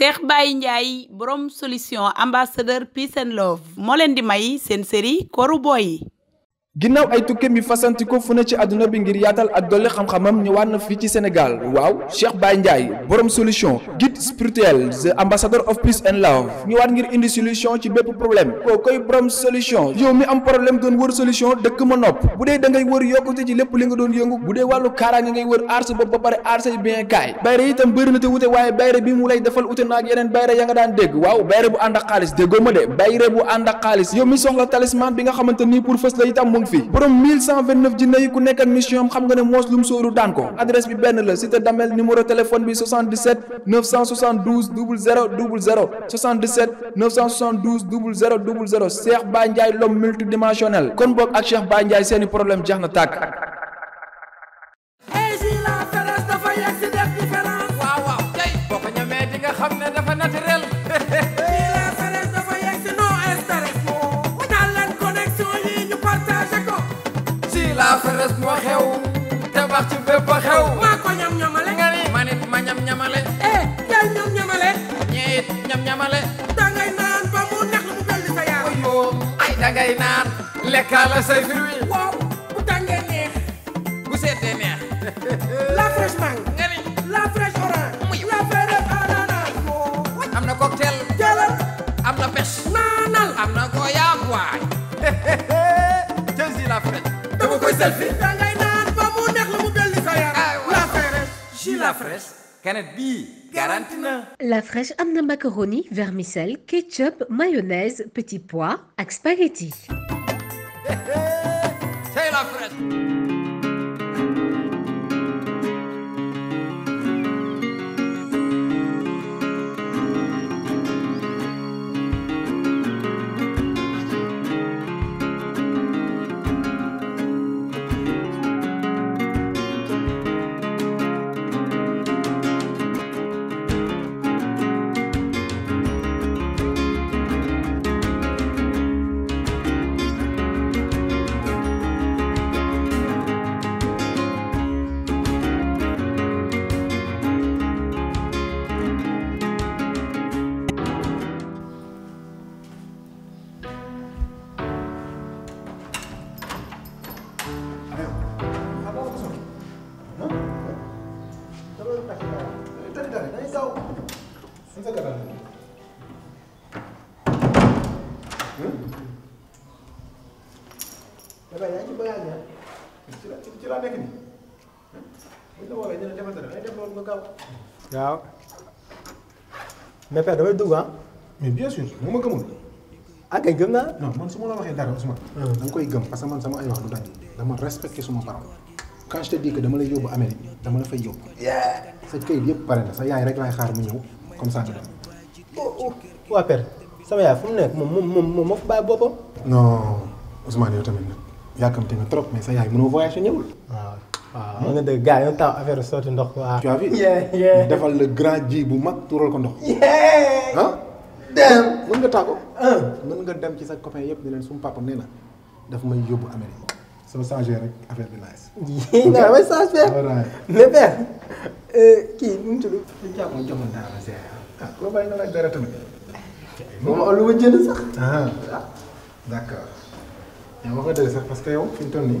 Cheikh bàyyi Ndiaye borom solution ambassadeur peace and love moo leen di may seen série Kooru Boy yi ginnaaw ay tukkeem yi fasanti ko fu ne ci àdduna bi ngir yaatal ak dolli xam-xamam ñëwaat na fii ci Sénégal waaw Cheikh Baye Ndiaye borom solution guide spirituel the ambassador of peace and love ñëwaat ngir indi solution ci bépp problème koo koy borom solution yow mi am problème doon wër solution dëkk ma nopp bu dee da ngay wër yokkute ci lépp li nga doon yëngu bu dee wàllu kaaraange ngay wër aar sa bopp ba pare aar say bien bayre itam itam mu ngi fi borom 1129 jinne yi ku nekk ak mission am xam nga ne moos lu mu sóoru daan ko adresse bi benn la cité Damel numéro téléphone bi 77 972 00 00 77 972 00 00 Cheikh Ba Ndiaye l'homme multidimensionnel kon boog ak Cheikh Ba Ndiaye seeni problème jeex na tàkk lépp a ma ñam ñamale eh ñam ñamale ñii it ba mu neex mu dal di sa yaram yoo ay dangay naan lekkaala say fruit waaw bu tàngee neex bu seetee neex la fraîche mangue nga ni la fraîche orange la fraîche ananas am na cocktail jëlal am na pêche naanal am na goyaab waay jël si la fraîche dama koy selfie la fraîche can it be am na macaroni vermicelle ketchup mayonnaise petit pois ak spaghetti. c'est la fraîche. waaw. mais père damay dugg ah. mais bien sûr bu ma gëmul. ah kay gëm naa. non man su ma la waxee dara Ousmane. Ah. da koy gëm parce que man sama ay wax du dañ dama respecté suma parole. quand je te dis dama lay yóbbu Amérique dama la fay yóbbu. sa këyit yëpp pare na sa yaay rek laay xaar mu ñëw comme ça nga dem. oh oh waa père sama yaay fu mu nekk moom moom moom moo fa bàyyi boppam. non Ousmane yow tamit nag yàkkamti nga trop mais sa yaay mënoo voyage ñëwul. waaw. Ah. waaw mën nga dëgg gars yi taw affaire sotti ndox waaw. tu as vu defal le grand ji bu mag tuural ko ndox. ah. dem mën nga tàggu. nga dem ci sa copain yëpp di leen suñu papa nee na daf may yóbbu Amérique soo changé rek affaire bi nice. yii naa may changé. mais père euh, kii nu mu tudd. Ah, ah, que yow fi mu toll nii.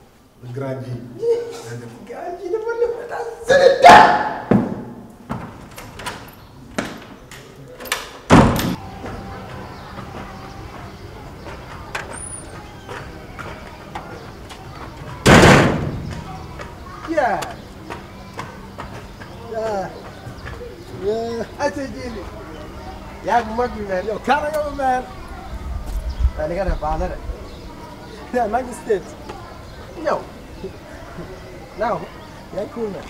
le grand ji. grand ji dafa lëkk daal Sénégal. yaa ngi mag bi mel yow kaara nga ma mel waaye li nga def baax na de yaa maa ngi state yow Now, yeah, cool man.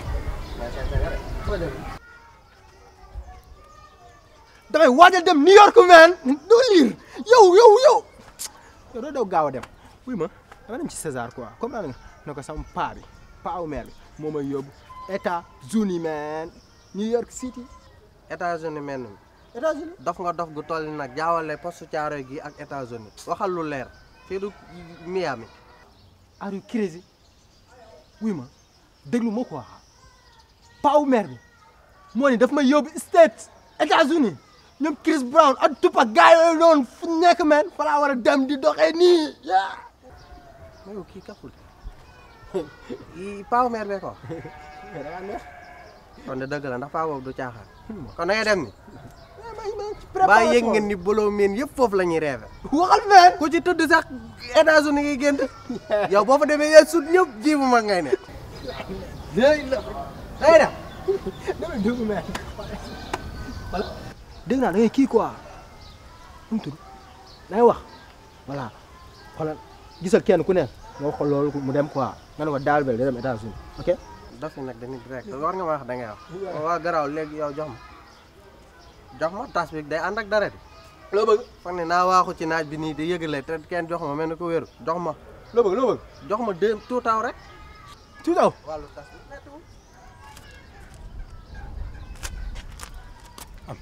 dem New York man doo liir yow yow yow yow doo daw gaaw a dem wuy ma dama dem ci César quoi comme naa na ko sama paa bi paaw meel bi moo may yóbbu États-Unis man New York City États-Unis man États-Unis dof nga dof gu toll nag jaawale poste Thiaroye gi ak États-Unis waxal lu leer fii du Miami are you crazy wuy ma déglu ma quoi paawu maire bi moo ni daf ma yóbbu state États-Unis ñoom Chris Brown ak Tupac gars yooyu noonu fu nekk meen fa laa war a dem di doxee nii yaa ma yow kii kàppul ko kon de dëgg la ndax paawu boobu du caaxaan kon na ngay dem ni baa yëg ngen ni boloo meen yëpp foofu la ñuy reefe waxal feen ku ci tëdd sax États-Unis ngay gént yow boo fa demee yaay sut ñëpp jiibu mag ngay ne léegi la day da dama dugg meen dégg naa da ngay kii quoi um wax voilà xoolal gisal kenn ku ne nga wax ko mu dem quoi nga ne ko daal bel da dem États-Unis ok dafi war nga ma wax da ngay léegi yow jox jox ma tas bi day ànd ak dara de. loo bëgg. foog ne naa waaxu ci naaj bi nii di yëgale te ken jox ma mel ni ko wéru jox ma. loo bëgg loo bëgg. jox ma deux tuutaaw rek. tuutaaw wàllu tas bi am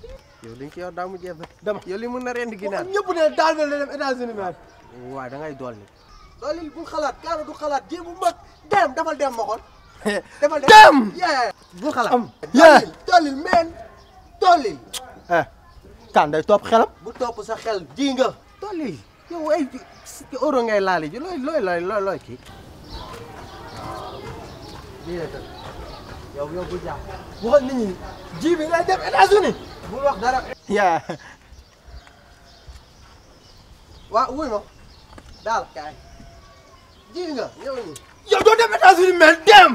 li ci yow daa mu jeex dama yow li mun na rendi ginaar ñëpp ne daal na dem États-Unis ma waaye da ngay bul xalaat kaana du xalaat jéem bu mag dem dafal dem ma kon dafal dem bul xalaat am dolli dolli meen dolli ah kan day topp xelam. bu topp sa xel ji nga. tool yi yow ay euro ngay laal ji looy looy looy looy looy kii. yow bi ngay dem États-Unis bul wax dara. yaa waaw daal kaay ji nga ñëw ñu. yow doo dem États-Unis mais dem.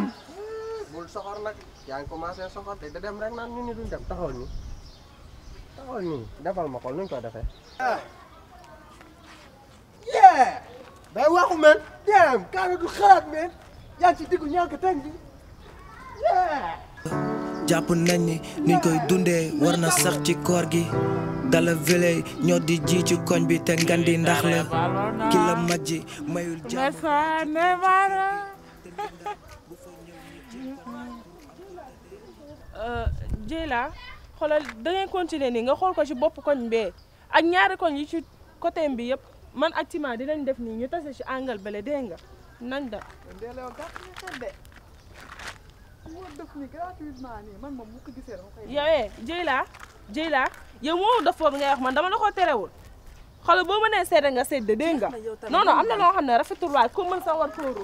bul soxor nag yaa ngi commencé soxor te da dem rek naa ñu ni duñ dem taxawal ñu. defal ma ko nuñ ko defee. Ah. yee. jàpp nañ ni niñ koy dundee war na sax ci koor gi dala vélé ñoo di ji ci koñ bi te ngandi ndax la ki la majji mayul jàmm Dieyla xoolal dangay continuer nii nga xool ko ci bopp koñ bee ak ñaari koñ yi ci côté bi yëpp man ak Tima dinañ def ni ñu tase ci angle bale dégg nga nañ da yowee jëy laa jëy laa yow moo def foofu ngay wax man dama la ko terewul xoolal boo mënee seede nga sedd dégg nga non non am na loo xam ne rafetul waay ku mën sa war fooru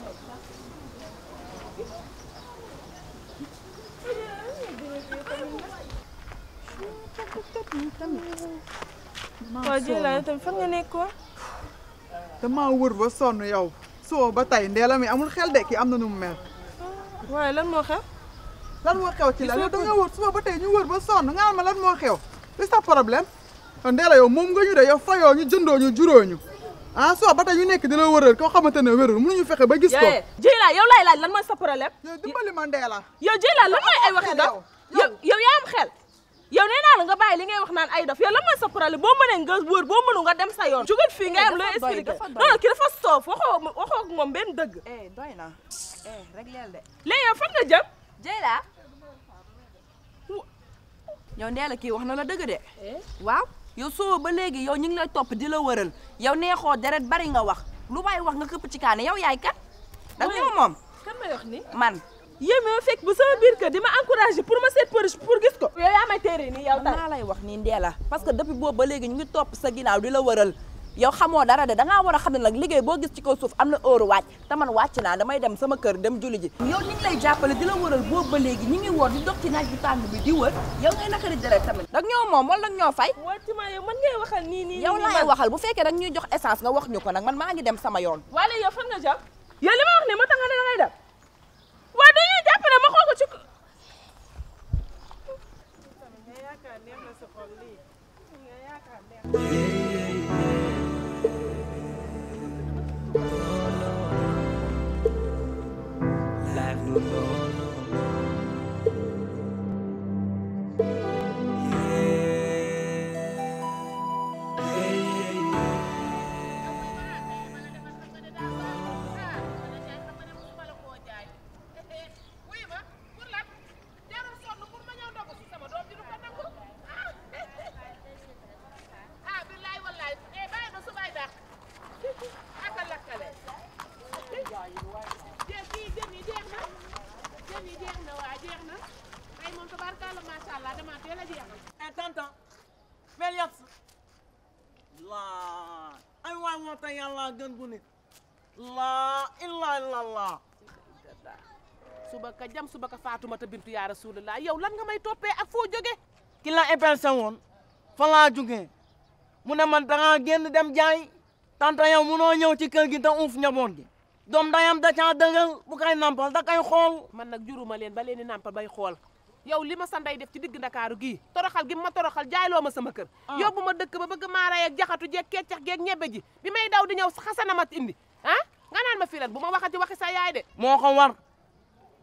waaw Jëlaat tam fan nga nekkoon. damaa wër ba sonn yow soo ba tey ndeela mi amul xel de ki am na nu mu mel. waaye lan moo xew. lan moo xew ci la yow da nga wër ba tey ñu wër ba sonn nga ma lan moo xew. c'est ça problème. ndeela yow moom nga ñu de yow fayoo ñu jëndoo ñu juróo ñu. ah soo ba tey yu nekk di la wëral koo xamante ne wérul mënuñu fexe ba gis ko Dieyla yow laay laaj lan mooy sa problème yow lan mooy ay waxi dof yow yow yaa am naa la nga bàyyi li ngay wax naan ay dof yow lan mooy sa problème boo nga wër boo mënu nga dem sa yoon jugal fii nga am looy expliqué non ki dafa soof waxoo waxoo moom benn dëgg eh, doy na eh, rek leel de léegi yow fan nga jëm wax la dëgg de eh? yow soo ba léegi yow ñu ngi lay topp di la wëral yow neexoo deret bari nga wax lu waay wax nga këpp ci kaane yow yaay da nga ñëw moom kan may wax ni man. yéen ñoo fekk ba sama biir kër di ma encouragé pour ma seet përëj pour gis ko. yow yaa may téere nii yow tam. naa lay wax nii Ndéla parce que depuis boobu ba léegi ñu ngi topp sa ginnaaw di la wëral. yow xamoo dara de da war a xam ne nag liggéey boo gis ci kaw suuf am na heure wàcc te man wàcc naa damay dem sama kër dem julli ji yow ni lay jàppale di la wëral boobu ba léegi ñu ngi woor di dox ci naaj bi tàng bi di wër yow ngay naka di jëlee tamit dag ñoo moom wala dag ñoo fay wacima man ngay waxal nii nii yow laay waxal bu fekkee dag ñuy jox essence nga wax ñu ko nag man maa ngi dem sama yoon wala yow fan ma wax ne moo tax sa xol lii yàlla macha allah damaa teel a jeexal. et eh, tonton feel yàq laa ay waay moo tax yàlla gën laa illaa illallah suba ka suba ka Faatumata yaa rasulullah yow lan nga may toppee ak foo jóge ki la épelse woon mu ne man dangaa génn dem jaay tante mu munoo ñëw ci kër gi te uuf gi doom dayam da caa dëngal bu koy nampal da koy xool man nag juruma leen ba leen di nampal bay xool yow li ma sa ndey def ci digg ndakaaru gi toroxal gi ma toroxal jaayloo ma sama yo ah. yóbbu ma dëkk ba bëgg maaray ak jaxatu jeeg keccax geeg ñebe ji bi may daw di ñëw xasana ma indi ah nga naan ma fii lan bu ma waxati waxi sa yaay de moo ko war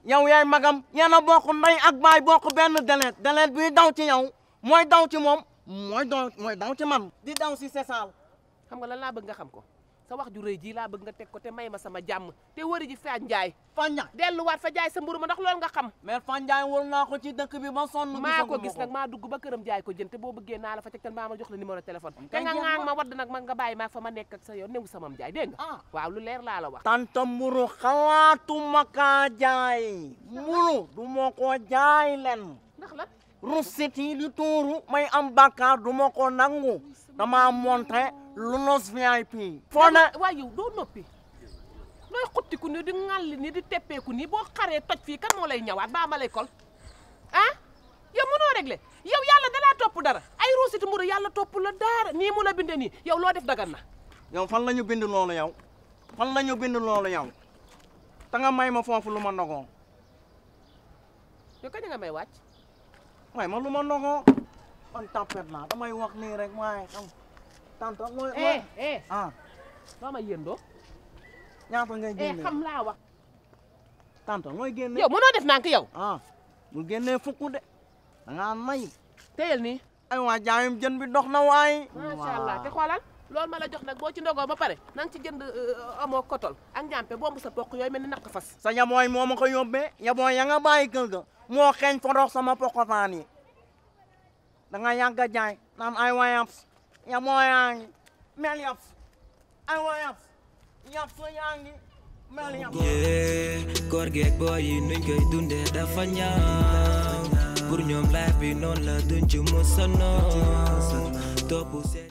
yow yaay magam ñeen a bokk ndey ak baay bokk benn deleet deleet bi daw ci yow mooy daw ci moom mooy daw mooy daw ci man di daw si sesaal xam nga lan laa bëgg nga xam ko sa wax ju rëy ji laa bëgg nga teg ko te may ma sama jàmm te wëri ji Fane Ndiaye. Fane Ndiaye waat fa jaay sa mburu ma ndax loolu nga xam. mais Fane Ndiaye wër naa ko ci dëkk bi ba sonn. maa ko gis nag maa dugg ba këram jaay ko jënd boo bëggee naa la fa tegtal maa ma jox la numéro téléphone. te nga ŋaang ma wadd nag ma nga bàyyi maa fa ma nekk sa yoon newu sama jaay dégg nga. Ah. waaw lu leer laa la wax. tanta mburu xalaatuma kaa jaay. mburu du ma ko jaay len ndax la rusit yi di may am bàkkaar du ma ko nangu dama monté lunos VIP. foo na waaye yow doo noppi looy xuttiku ni di ŋàlli nii di teppeeku nii boo xaree toj fii kan moo lay ñaw a ma lay kol ah yow mënoo régler yow yàlla dalaa topp dara ay ruusitu mburu yàlla topp la dara nii mu la binde nii yow loo def dagan na yow fan la ñu bind loolu yow fan la ñu bind loolu yow te may ma foofu lu ma ndogoon yow kañ nga may wàcc may ma lu ma man tempête la damay wax nii rek waaye xam tant mooy eh eh ah doo ma yëndoo ñaata ngay eh, génne xam laa wax tant mooy génne yow mënoo def nànk yow ah bu génnee de da ngaa may téyel nii ay waa jaayum jën bi dox na waay macha allah te xoolal loolu ma la jox nag boo ci ndogoo ba pare na ci jënd euh, amoo kotol ak njàmpe bomb sa pokk yooyu mel ni naq fas sa yabooy moo ma ko yóbbee yabooy ya nga bàyyi kër ga moo xeeñ forox sama pokotaan yi danga nga yàgg a jaay naan ay wa yaps ya moo yaa ngi mel yaps ay wa yaps yaps yaa ngi mel yaps koor geeg booy nuñ koy dundee dafa ñaaw pour ñoom life bi noonu la duñ ci musa noonu